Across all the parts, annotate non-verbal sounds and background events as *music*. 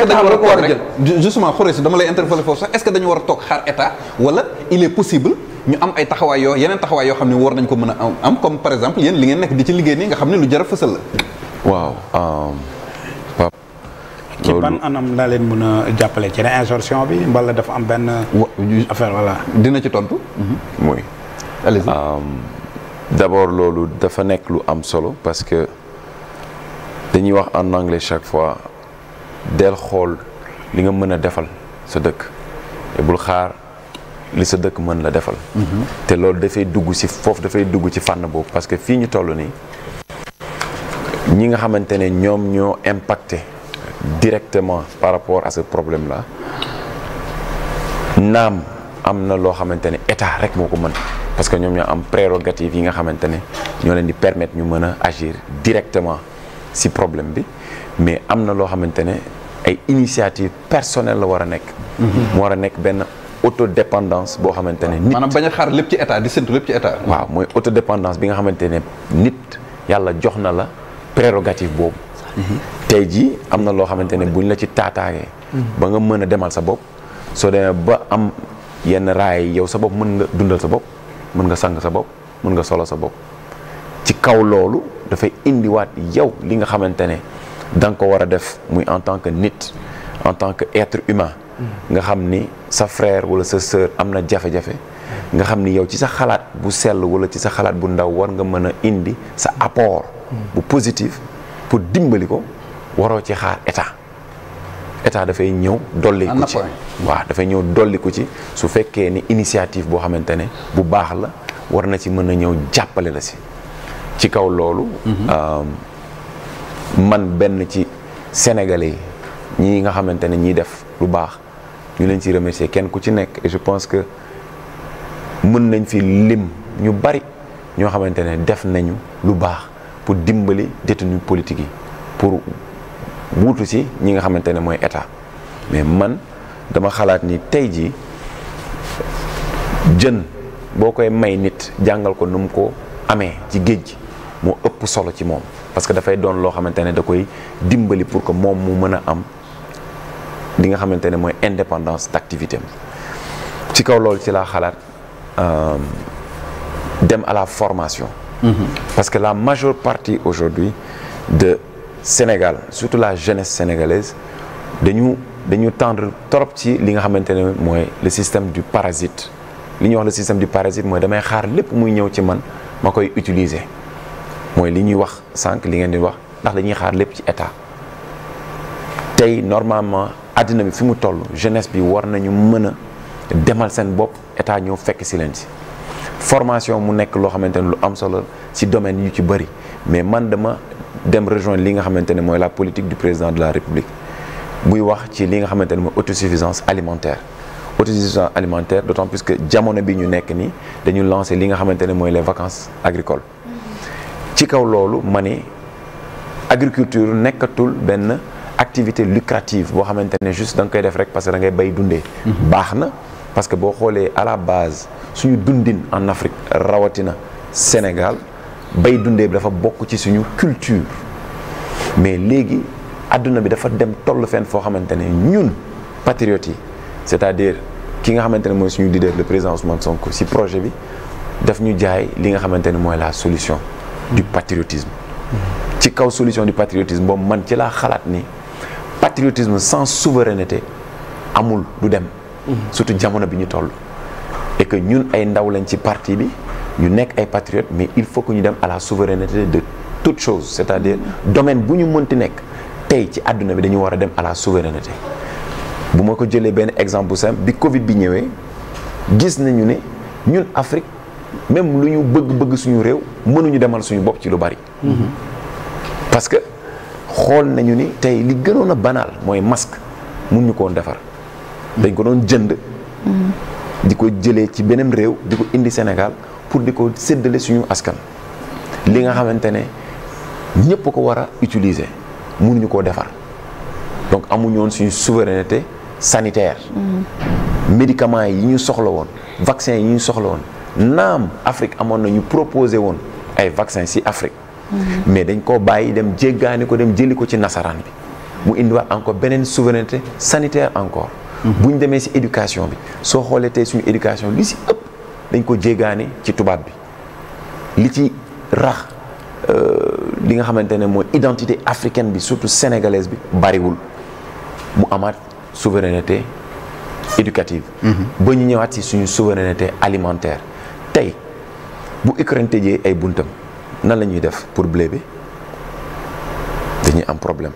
que dañu war a toog rek justement dama a toog xaar am ay taxawaay yoo yeneen taxawaay yoo xam ne war nañ ko mën a am comme par exemple yéen li ngeen nekk di ci liggéey a la waaw Pape ci ban anam leen mën a jàppale ci réinsertion bi mbala dafa am benn affaire voilà dina ci tontu mhm. oui allez d'abord loolu dafa nekk lu am solo parce que dañuy wax en anglais chaque fois del xool li nga mën a defal sa dëkk bul xaar li sa dëkk mën la defal mhm. te loolu dafay dugg ci foofu dafay dugg ci fànn boobu parce que fii ñu toll nii ñi nga xamante ne ñoom ñoo impacté directement par rapport à ce problème là naam am na loo xamante ne état rek moo ko mën parce que ñoom ñoo am prérogative yi nga xamante ne ñoo leen di permettre ñu mën a agir directement si problème bi mais am na loo xamante ne ay initiative personnel la war a nekk. Mhm. mu war a nekk benn auto autodépendance boo xamante ne. nit maanaam bañ a lépp ci état di séntu lépp ci état. waaw mooy autodépendance bi nga xamante ne nit yàlla jox na la prérogative boobu. Mhm. tey jii am na loo xamante ne buñ la ci taataagee. Mhm. ba nga mën a demal sa bopp soo demee ba am yenn raay yow sa bopp mën nga dundal sa bopp mun nga sang sa bopp mun nga solo sa bopp ci kaw loolu. dafay indiwaat yow li nga xamante ne da nga ko war a def muy en tant que nit en tant que être humain nga xam ni sa frère wala sa sœur am na jafe-jafe nga xam ni yow ci sa xalaat bu sell wala ci sa xalaat bu ndaw war nga mën a indi sa appoor bu positif pour dimbali ko waroo ci xaar état état dafay ñëw dolliku ci waa dafay ñëw dolliku ci su fekkee ni initiative boo xamante ne bu baax la war na ci mën a ñëw jàppale la si ci kaw loolu. Mhm. Euh, man benn ci sénégalais yi ñii nga xamante ne ñiy def lu baax ñu leen ci remercier kenn ku ci nekk et je pense que mën nañ fi lim ñu bari ñoo xamante ne def nañu lu baax pour dimbali détenu politique yi pour wuutu si ñi nga xamante ne mooy état mais man dama xalaat ni tey jii jën boo koy may nit jàngal ko nu ko amee ci géej gi. moo ëpp solo ci moom parce que dafay doon loo xamante ne da koy dimbali pour ko moom mu mën a am li nga xamante ne mooy indépendance d'activité am ci kaw loolu ci laa xalaat euh, dem à la formation mm-hmm. parce que la majeure partie aujourd'hui de Sénégal surtout la jeunesse sénégalaise dañu dañu tendre trop ci li nga xamante ne mooy le système du parasite li ñu wax le système du parasite mooy damay xaar lépp muy ñëw ci man ma koy utiliser mooy li ñuy wax sànq li ngeen di wax ndax dañuy xaar lépp ci état tey normalement addina bi fi mu toll jeunesse bi war nañu mën a demal seen bopp état ñëw fekk si leen si formation mu nekk loo xamante ne lu am solo ci domaine yu ci bëri mais man dama dem rejoindre li nga xamante ne mooy la politique du président de la république buy wax ci li nga xamante ne mooy autosuffisance alimentaire autosuffisance alimentaire d'autant plus que jamono bi ñu nekk nii dañu lancé li nga xamante ne mooy les vacances agricoles ci kaw loolu ma ni agriculture nekkatul benn activité lucrative boo xamante ne juste da nga koy def rek parce que dangay bay dundee. Mhm. baax na parce que boo xoolee à la base suñu dundin en Afrique rawatina Sénégal bay dundee bi dafa bokk ci suñu culture mais léegi àdduna bi dafa dem toll fenn foo xamante ne ñun patriotes yi c'est-à-dire ki nga xamante ne mooy suñu leader le président Ousmane sonk si projet bi daf ñu jaay li nga xamante ne mooy la solution. du patriotisme ci kaw solution du patriotisme boobu man ci laa xalaat ni patriotisme sans souveraineté amul du dem mm-hmm. surtout jamono bi ñu toll et que ñun ay ndaw lañ ci parti bi ñu nekk ay patriotes mais il faut que ñu dem à la souveraineté de toute chose c'est-à-dire mm-hmm. domaine bu ñu mënti nekk tey ci àdduna bi dañu war a dem à la souveraineté bu ma ko jëlee benn exemple bu bi Covid bi ñëwee gis nañu ne ñun Afrique même lu ñu bëgg-bëgg suñu réew mënuñu demal suñu bopp ci lu bari. parce que xool nañu ni tey li gënoon a banaal mooy masque mun ñu ko defar. dañ ko doon jënd. di ko jëlee ci beneen réew di ko indi Sénégal pour di ko séddale suñu askan. li nga xamante ne ñëpp ko war a utiliser mënuñu koo defar donc amuñu woon suñu souveraineté sanitaire. Mm-hmm. médicaments yi ñu soxla woon vaccin yi ñu soxla woon. naam Afrique amoon na ñu proposé woon ay vaccin ci Afrique. Mhm. mais dañ koo bàyyi dem jéggaani ko dem jëli ko ci nasaraan bi. mu indiwaat encore beneen souveraineté sanitaire encore. Mhm. bu ñu demee ci éducation bi soo xoolee tey suñu éducation li ci ëpp dañ ko jéggaani ci tubaab bi li ci rax euh, li nga xamante ne mooy identité africaine bi surtout sénégalaise bi bariwul mu amaat souveraineté éducative. Mhm. ba ñu ñëwaat ci suñu souveraineté alimentaire. tey bu Ukraine tëjee ay buntam nan la def pour blé bi dañuy am problème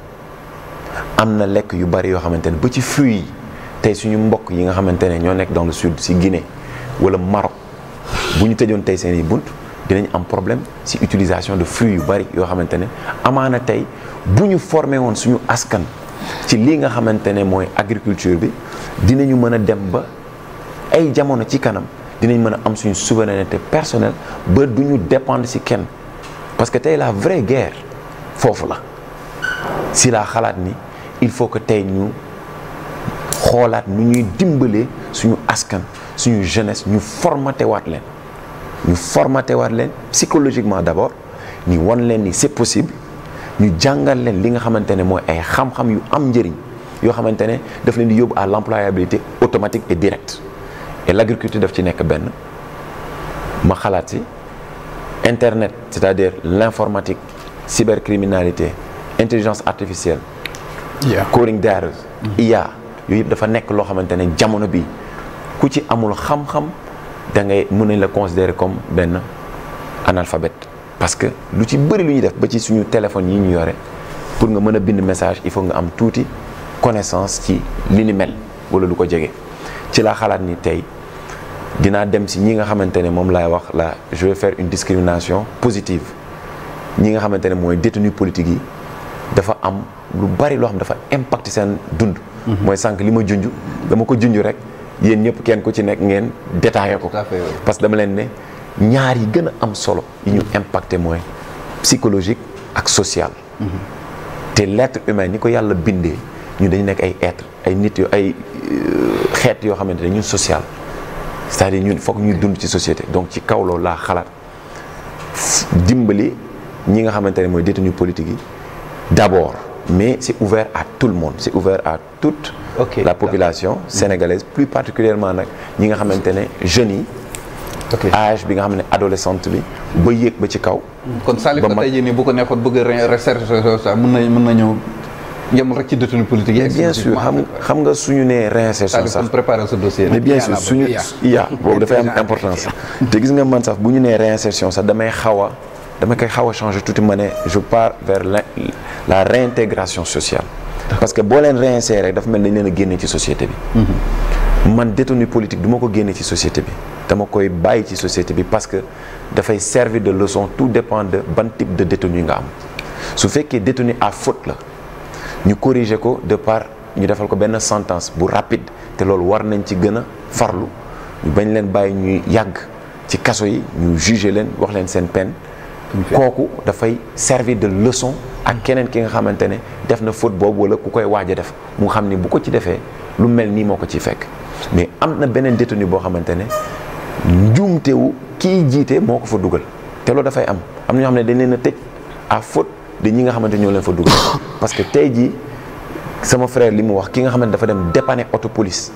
am na lekk yu bari yoo xamante ne ba ci fruits yi suñu mbokk yi nga xamante ne ñoo nekk dans le sud si Guinée wala Maroc bu ñu tëjoon tey seen i bunt dinañ am problème si utilisation de fruits yu bari yoo xamante ne amaana tey bu ñu formé woon suñu askan ci lii nga xamante ne mooy agriculture bi dinañu mën a dem ba ay jamono ci kanam. dinañ mën a am suñu souveraineté personnelle ba du ñu dépendre ci kenn parce que tey la vraie guerre foofu la si laa xalaat ni il faut que tey ñu xoolaat nu ñuy dimbalee suñu askan suñu jeunesse ñu formaté waat leen ñu formaté waat leen psychologiquement d'abord ñu wan leen ni c'est possible ñu jàngal leen li nga xamante ne mooy ay xam-xam yu am njëriñ yoo xamante ne daf leen di yóbbu à l'employabilité automatique et directe et l' agriculture daf ci nekk benn ma xalaat si internet c' est dire l' informatique cybercriminalité intelligence artificielle. Yeah. coding data. IA yooyu yëpp dafa nekk loo xamante ne jamono bi ku ci amul xam-xam da ngay mën nañ la considérer comme benn analphabète parce que lu ci bëri lu ñuy def ba ci suñu téléphone yi ñu yore pour nga mën a bind message il faut nga am tuuti connaissance ci li wala lu ko jege. ci laa xalaat ni tey dinaa dem si ñi nga xamante ne moom laay wax la je vais une discrimination positive ñi nga xamante ne mooy détenu politique yi dafa am lu bari loo xam dafa impact seen dund. Mhm. mooy sànq li ma junj dama ko junj rek yéen ñëpp kenn ku ci nekk ngeen détaillé ko. parce que dama leen ne ñaar yi gën a am solo yi ñu impacté mooy psychologique ak social. Mhm. te l'être humain ni ko yàlla bindee ñu dañu nekk ay être ay nit yu ay. xeet yoo xamante ne ñu social c'est-à-dire ñun foog ñuy dund ci société donc ci kaw loolu laa xalaat dimbali ñi nga xamante ne mooy détenu politique yi d'abord mais c'est ouvert à tout le monde c'est ouvert à toute okay, la population sénégalaise plus particulièrement nag ñi nga xamante ne jeunes yi âge bi nga xam ne adolescente bi ba yéeg ba ci kaw kon Salif tey jii nii bu ko neexoon bëgg recherche mën na mën na ñëw yemul rek ci détenu politique mais bien sûr xam xam nga suñu nee réinsertion sax préparer ce dossier mais bien sûr suñu yaa boobu dafay am importance te gis nga man sax bu ñu nee réinsertion sax damay xaw a dama koy xaw a changer tuuti ma ne je pars vers la la réintégration sociale parce que boo leen réinsérer daf mel nañ leen a génne ci société bi mm-hmm. man détenu politique duma ko génnee ci société bi dama koy bàyyi ci société bi parce que dafay servir de leçon tout dépend de ban type de détenu nga am su fekkee détenu à faute la ñu corriger ko de part ñu defal ko benn sentence bu rapide te loolu war nañ ci gën a farlu ñu bañ leen bàyyi ñuy yàgg ci kaso yi ñu juger leen wax leen seen peine kooku dafay servir de leçon ak keneen ki nga xamante ne def na foot boobu wala ku koy waaj a def mu xam ni bu ko ci defee lu mel nii moo ko ciy fekk mais am na beneen détenu boo xamante ne njuumtewu kiy jiite moo ko fa dugal te loolu dafay am am na ñoo xam ne dañ leen tëj à faute de ñi nga xamante ñoo leen fa dugal *coughs* parce que tey jii sama frère li mu wax ki nga xamante dafa dem dépanner auto police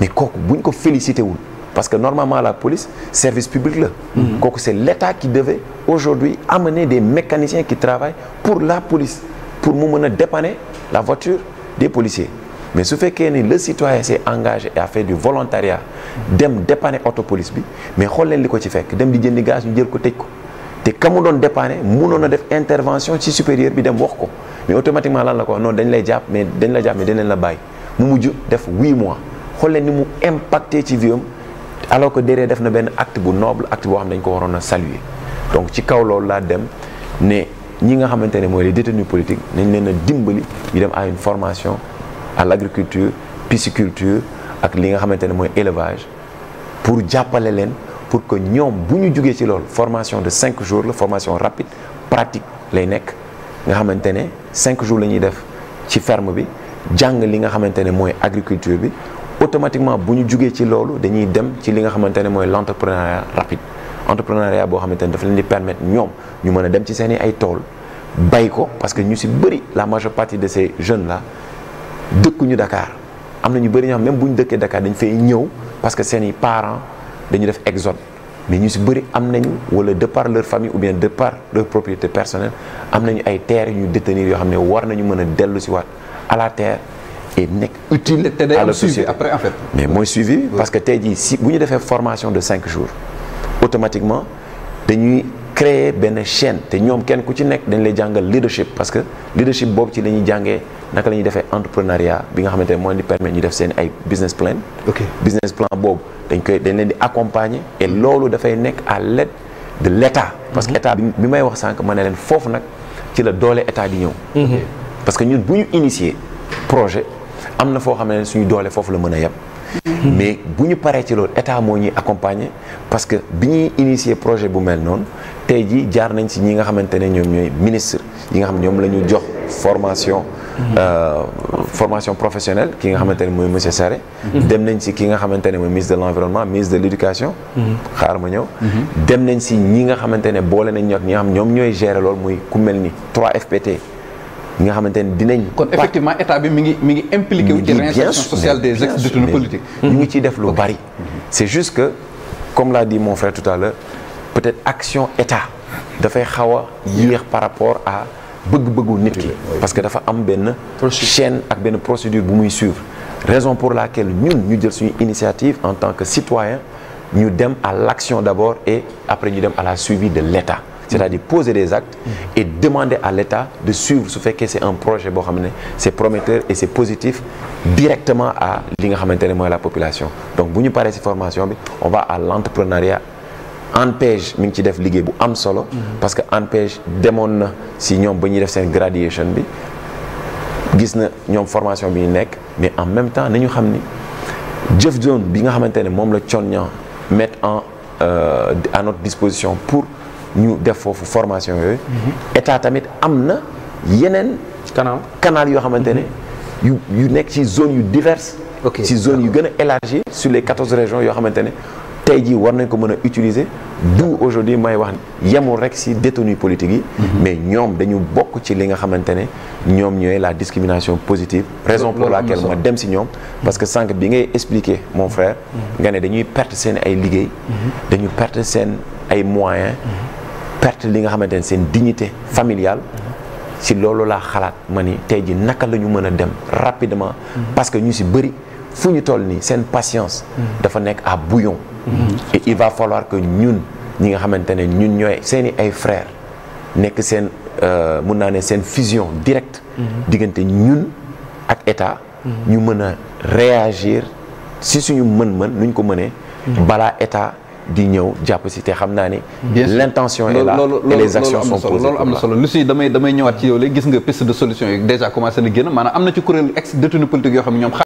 mais kooku buñ ko félicité wul parce que normalement la police service public la mm-hmm. kooku c'est l'État qui devait aujourd'hui amener des mécaniciens qui travaillent pour la police pour mu mën a dépanner la voiture des policiers mais su fekkee ni le citoyen s'est engage et a fait du volontariat mm-hmm. dem dépanner auto bi mais xool leen li ko ci fekk dem di jëndi gaz ñu ko tëj ko te ka mu doon dépanner mënoon a def intervention ci supérieur bi dem wax ko mais automatiquement lan la ko non dañ lay jàpp mais dañ la jàpp mais la bàyyi mu mujj def huit mois xool leen mu impacte ci vie am alors que derrière def na benn act bu noble acte boo xam ne dañ ko waroon a saluer donc ci kaw loolu laa dem ne ñi nga xamante ne mooy les détenus politiques nañ leen a dimbali ñu dem à une formation à l'agriculture pisciculture ak li nga xamante ne mooy élevage pour jàppale leen pour que ñoom bu ñu jugee ci loolu formation de cinq jours la formation rapide pratique lay nekk nga xamante ne cinq jours la ñuy def ci ferme bi jàng li nga xamante ne mooy agriculture bi automatiquement bu ñu jugee ci loolu dañuy dem ci li nga xamante ne mooy l' entrepreneuriat rapide entrepreneuriat boo xamante ne dafa leen di permettre ñoom ñu mën a dem ci seen i ay tool bay ko parce que ñu si bëri la majeure partie de ces jeunes la dëkkuñu dakaar am na ñu bëri ñoo xam même bu ñu dëkkee Dakar dañ fay ñëw dañu def exode mais ñu si bëri am nañu wala de par leur famille ou bien de par leur propriété personnelle am nañu ay terres yu ñu détenir yoo xam ne war nañu mën a dellu si waat à la terre et nekk utile te day après en mais mooy suivi oui. parce que tey jii si bu ñu defee formation de cinq jours automatiquement dañuy créer benn chaîne te ñoom kenn ku ci nekk dañ lay jàngal leadership parce que leadership boobu ci la ñuy jàngee naka la ñuy defee entrepreneuriat bi nga xamante ne moo di permettre ñu def seen ay business boobu dañ koy dañ leen di accompagner et loolu dafay nekk à l'aide de l'état parce que mhm. état bi may wax sànq ma ne leen foofu nag ci la doole état di ñëw mhm. parce que ñun bu ñu initier projet am na foo xam ne suñu doole foofu la mën a yem mhm. mais bu ñu paree ci loolu état moo ñuy accompagner parce que bi ñuy initier projet bu mel noonu tey jii jaar nañ si ñi nga xamante ne ñoom ñooy ministre yi nga xam ñoom la ñu jox formation Euh, formation professionnelle ki nga xamante ne mooy monsieur Sarré mhm. dem nañ si ki nga xamante ne mooy ministre de l'environnement ministre de l'éducation mhm. xaar ma ñëw mhm. dem nañ si ñi nga xamante boole nañ ñoog ñi xam ñoom ñooy gérer loolu muy ku mel ni 3FPT nga xamante dinañ. kon effectivement état bi mi ngi mi ngi impliqué wu ci réinsertion sociale des ex-détenus politiques. ñu def lu bari. c'est juste que comme l'a dit mon frère tout à l'heure peut-être action état dafay xaw a yéex par rapport à. bëgg-bëggu nit ki parce que dafa am benn chaîne ak benn procédure bu muy suivre raison pour laquelle ñun ñu jël suñu initiative en tant que citoyen ñu dem à l'action d'abord et après ñu dem à la suivi de l'État c'est-à-dire poser des actes et demander à l'État de suivre su fekkee c'est un projet boo xam ne c'est prometteur et c'est positif directement à li nga xamante ne mooy la population donc bu ñu paree ci formation bi on va à l'entrepreneuriat en ANPEJ mu ngi ci def liggéey bu am solo. parce que ANPEJ demoon na si ñoom ba ñuy def seen graduation bi gis na ñoom formation bi ñu nekk mais en même temps nañu xam ni jëf zone bi nga xamante ne moom la con ñaa mettre en euh, à notre disposition pour ñu def foofu formation yooyu. état tamit am na yeneen. canal canal yoo xamante ne yu yu nekk ci zone yu diverses. ci zone yu gën a élargie su les quatorze régions yoo xamante ne. tey jii war nañ ko mën a utiliser d'où aujourd'hui may wax yemul rek si détenu politique yi mm-hmm. mais ñoom dañu bokk ci li nga xamante ne ñoom ñooy la discrimination positive raison pour laquelle ma dem si ñoom parce que sànq bi ngay expliquer mon frère mm-hmm. nga ne dañuy perte seen ay liggéey mm-hmm. dañu perte seen ay moyens perte li nga xamante ne seen dignité familial si loolu laa xalaat ma ni tey ji naka la ñu mën a dem rapidement parce que ñu si bëri fu ñu toll nii seen patience. dafa nekk a bouillon. Mm-hmm. et il va falloir que ñun ñi nga xamante ne ñun ñooy seeni ay frères nekk seen euh, mun naa ne seen fusion directe. Mm-hmm. diggante ñun ak état. Mm-hmm. ñu mën a réagir si suñu mën-mën nuñ ko mënee. balaa état. di ñëw jàpp si te xam naa ni. l'intention loolu lu si damay ñëwaat ci yow léegi gis nga piste de solution yi déjà commencé na génn maanaam am na ci kuréel ex détenu politique yoo xam ñoom.